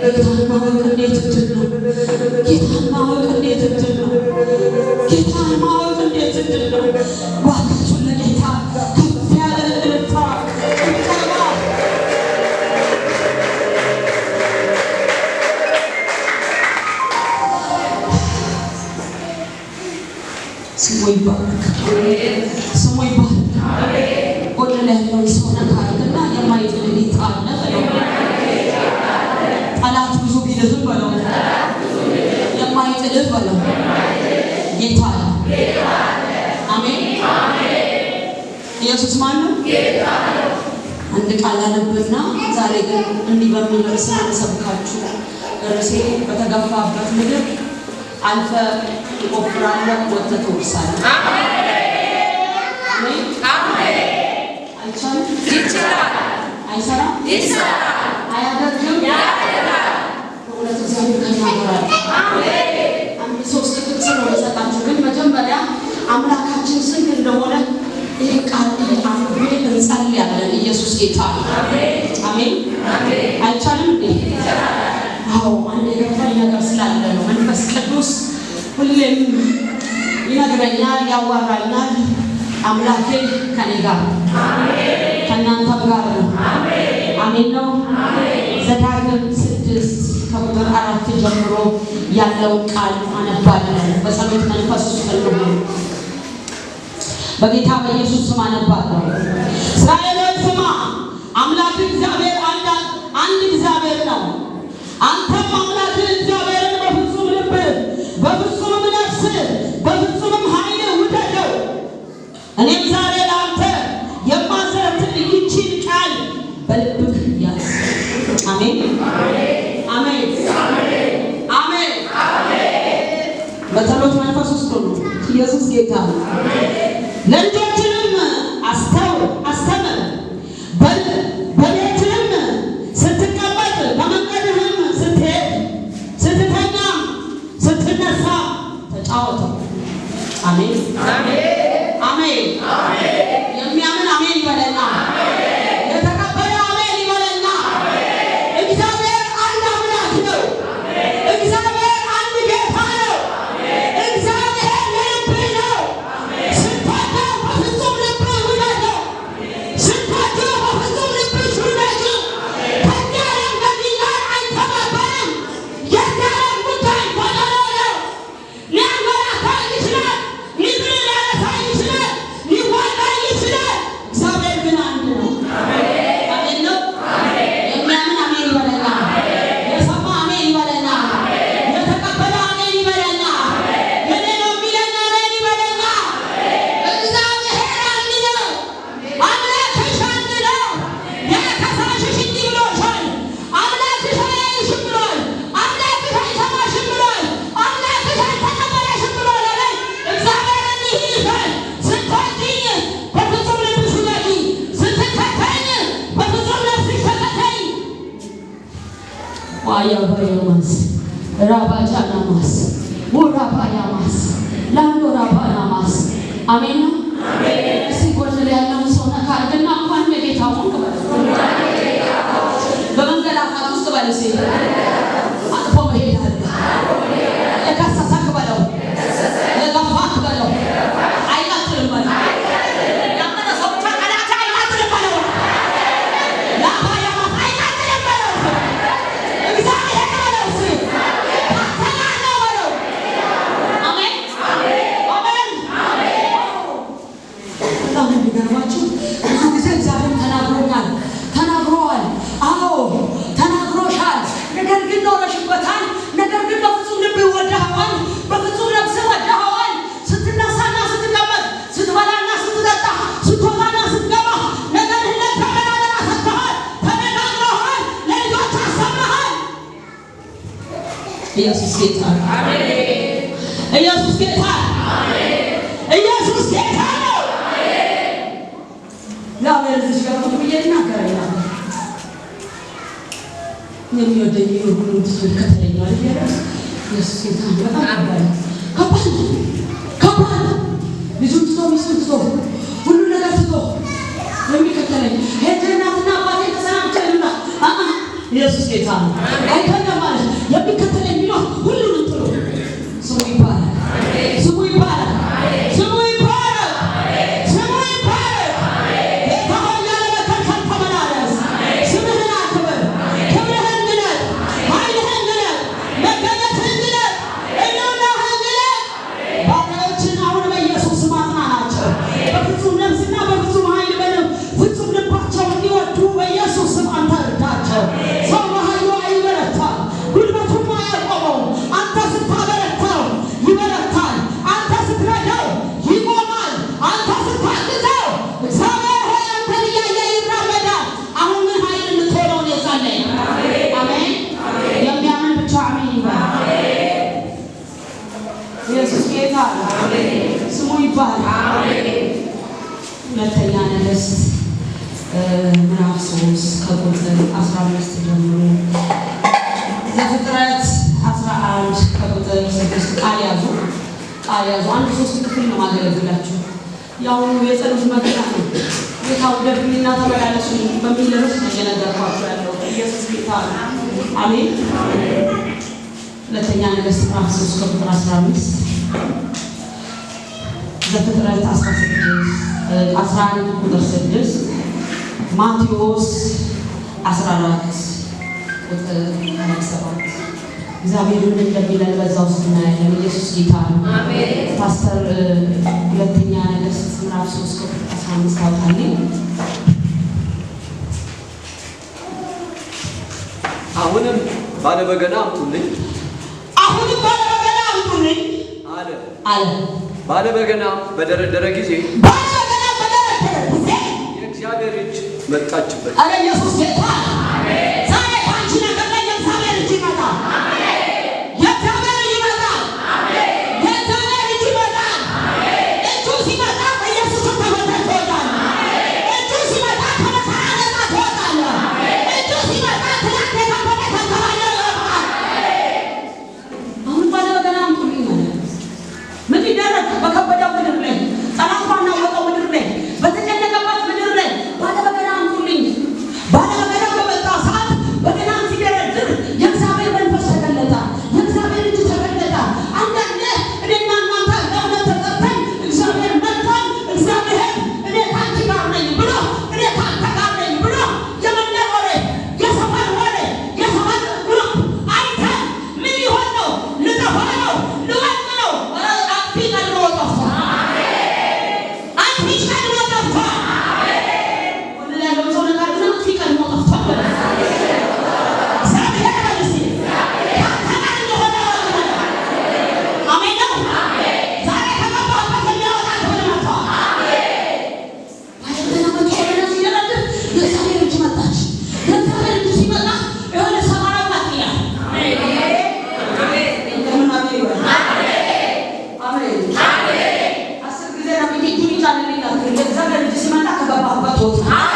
Thank you. ያላችሁት ማን ነው? አንድ ቃል አለብና ዛሬ ግን እንዲህ በሚል ርዕስ ሰብካችሁ ርዕሴ በተገፋበት ምድር አልፈ ትቆፍራለህ፣ ወጥተህ ትወርሳለህ። አይቻልም? አይሰራም? ይሰራል። አያደርግም? ያደርጋል። ሶስት ነው ግን መጀመሪያ አምላካችን ስንት እንደሆነ ይህ ቃል ኢየሱስ ጌታ አሜን። አይቻልም እንዴ? አዎ፣ አንድ የገባኝ ነገር ስላለ ነው። መንፈስ ቅዱስ ሁሌም ይነግረኛል፣ ያዋራኛል። አምላኬ ከኔ ጋር ከእናንተም ጋር ነው። አሜን ነው። ዘዳግም ስድስት ከቁጥር አራት ጀምሮ ያለውን ቃል አነባለሁ። በጸሎት መንፈስ ውስጥ ነው። በጌታ በኢየሱስ ስም አነባለሁ። እግዚአብሔር ስማ፣ አምላክ እግዚአብሔር አንድ አንድ እግዚአብሔር ነው። አንተም አምላክ እግዚአብሔርን በፍጹም ልብ በፍጹም ነፍስህ፣ በፍጹምም ኃይልህ ውደደው። እኔም ዛሬ ለአንተ የማዘረትን ይችን ቃል በልብህ ያዝ። አሜን፣ አሜን፣ አሜን። በጸሎት መንፈስ ውስጥ ሁሉ ኢየሱስ ጌታ ለልጆችን out of you. Amen. Amen. Amen. Amen. Hayır bayılmaz. Rabacanamaz. Bu rabayamaz. Lando rabanamaz. Amin. ጌታ ነው። ኢየሱስ ጌታ ኢየሱስ ጌታ ነው። እግዚአብሔር ልጅ ጋር ቁጭ ብዬ እናገራለሁ። የሚወደኝ ሁሉ ይከተለኛል። ኢየሱስ ጌታ ነው። በጣም ከባድ ከባድ ልጁን ትቶ ሚስቱን ትቶ ሁሉ ነገር ትቶ የሚከተለኝ ሄጄ እናትና አባቴ ተሰናብቼ ልምላ ኢየሱስ ጌታ ነው። አይከለም ማለት የሚከተለ ያዙ። አንድ ሶስት ክፍል ነው ማገለግላችሁ። የአሁኑ የጸሎት መግቢያ ነው። ጌታ ውደዱኝና ተመላለሱ በሚል ርዕስ ነው እየነገርኳቸው ያለው። ኢየሱስ ጌታ አሜን። ሁለተኛ ነገሥት ምዕራፍ ሶስት ቁጥር አስራ አምስት ዘፍጥረት አስራ ስድስት አስራ አንድ ቁጥር ስድስት ማቴዎስ አስራ አራት ቁጥር ሰባት እግዚአብሔር ምን እንደሚለን በዛ ውስጥ እናያለን። ኢየሱስ ጌታ ነው። ፓስተር ሁለተኛ ነገሥት ምዕራፍ ሶስት ቁጥር አስራ አምስት አውጣልኝ። አሁንም ባለበገና አምጡልኝ፣ አሁንም ባለበገና አምጡልኝ አለ አለ ባለበገና በደረደረ ጊዜ ባለበገና በደረደረ ጊዜ የእግዚአብሔር እጅ መጣችበት። አረ ኢየሱስ ጌታ አሜን። households.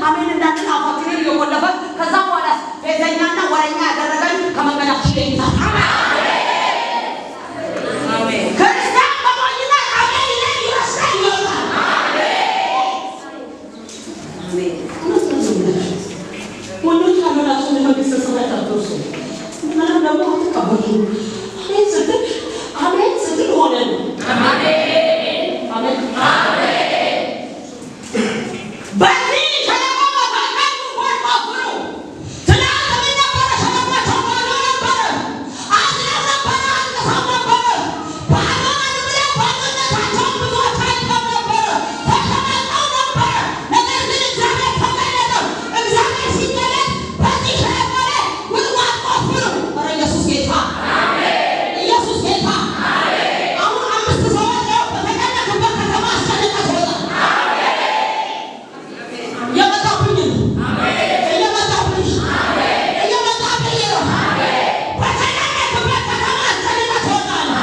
mean.